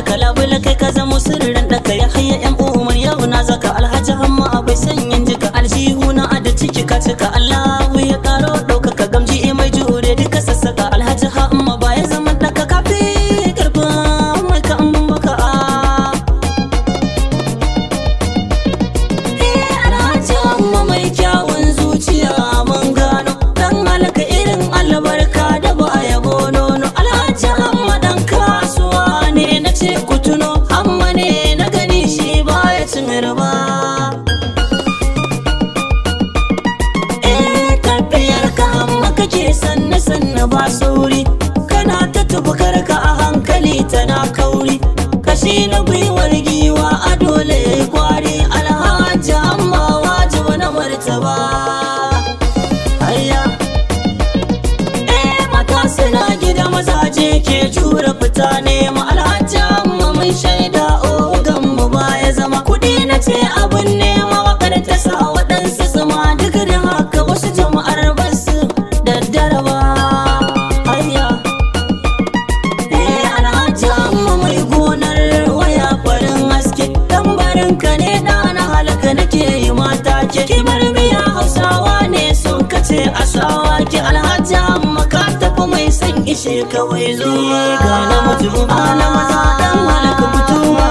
laka labula kai ka zama sirrin ɗaka ya hayya yan umar yau na zaka alhaji hamma na ba sauri kana ta tufukar ka a hankali tana kauri kashi na gwiwar giwa a dole kwari alhaji amma wajiba na martaba eh mata suna gida mazaje ke jura fita nema gurin ka ne ɗana halaka nake yi mata ke kibar biya hausawa ne sun kace asawa ki alhaji amma ka tafi mai san ishe kawai zuwa ga na mutum na maza dan halaka fitowa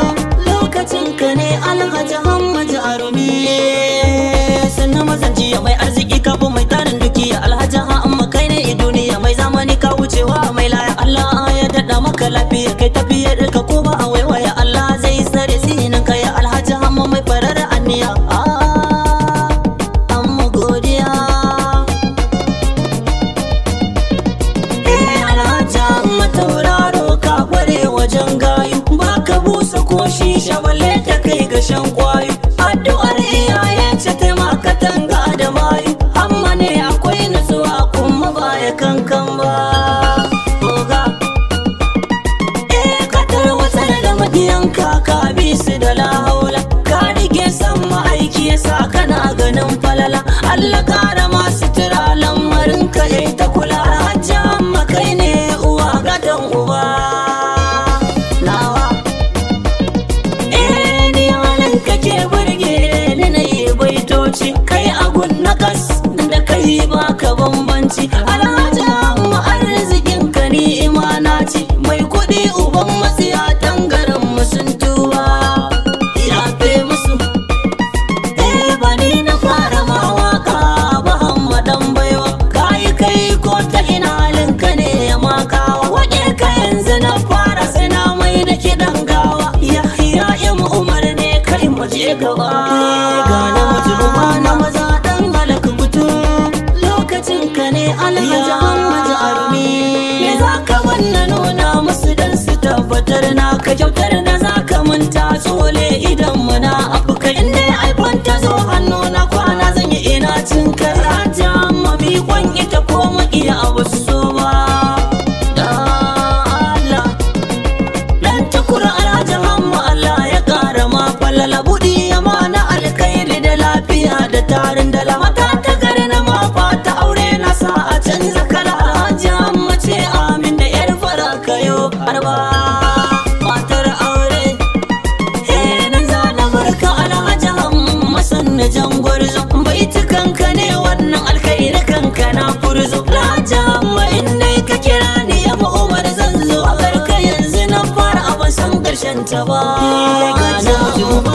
lokacin ka ne alhaji hammaji arumi busa ko shisha balle ta kai ga shan kwayo laifi ka bambanci alhaji mu arzikin ka ni imana ce mai kuɗi uban matsiya tangaran mu sun tuba ya fe musu eh bani na fara ma waka ba baiwa kai kai ko ta ina halin ka ne ya maka waje ka yanzu na fara sai na mai da kidan gawa ya ya umar ne kai mu je gaba yar na za ka manta tsole idan muna afuka in dai iphone ta zo hannu na kwana zan yi ina cin karata mafi kwan ita ko mu iya abu so ba dan tukura alhajin hamma Allah ya kara ma falala buɗi amana alkhairi da lafiya da tarin da lamata ta gari na ma fata aure na sa a canza kala alhaji hamma ce amin da yar fara kayo arba na jan gwarzo bai ne wannan alkhairi kanka na furzo laja amma inda ka kira ni ya umar zan zo a karka yanzu na fara a san karshen ta ba na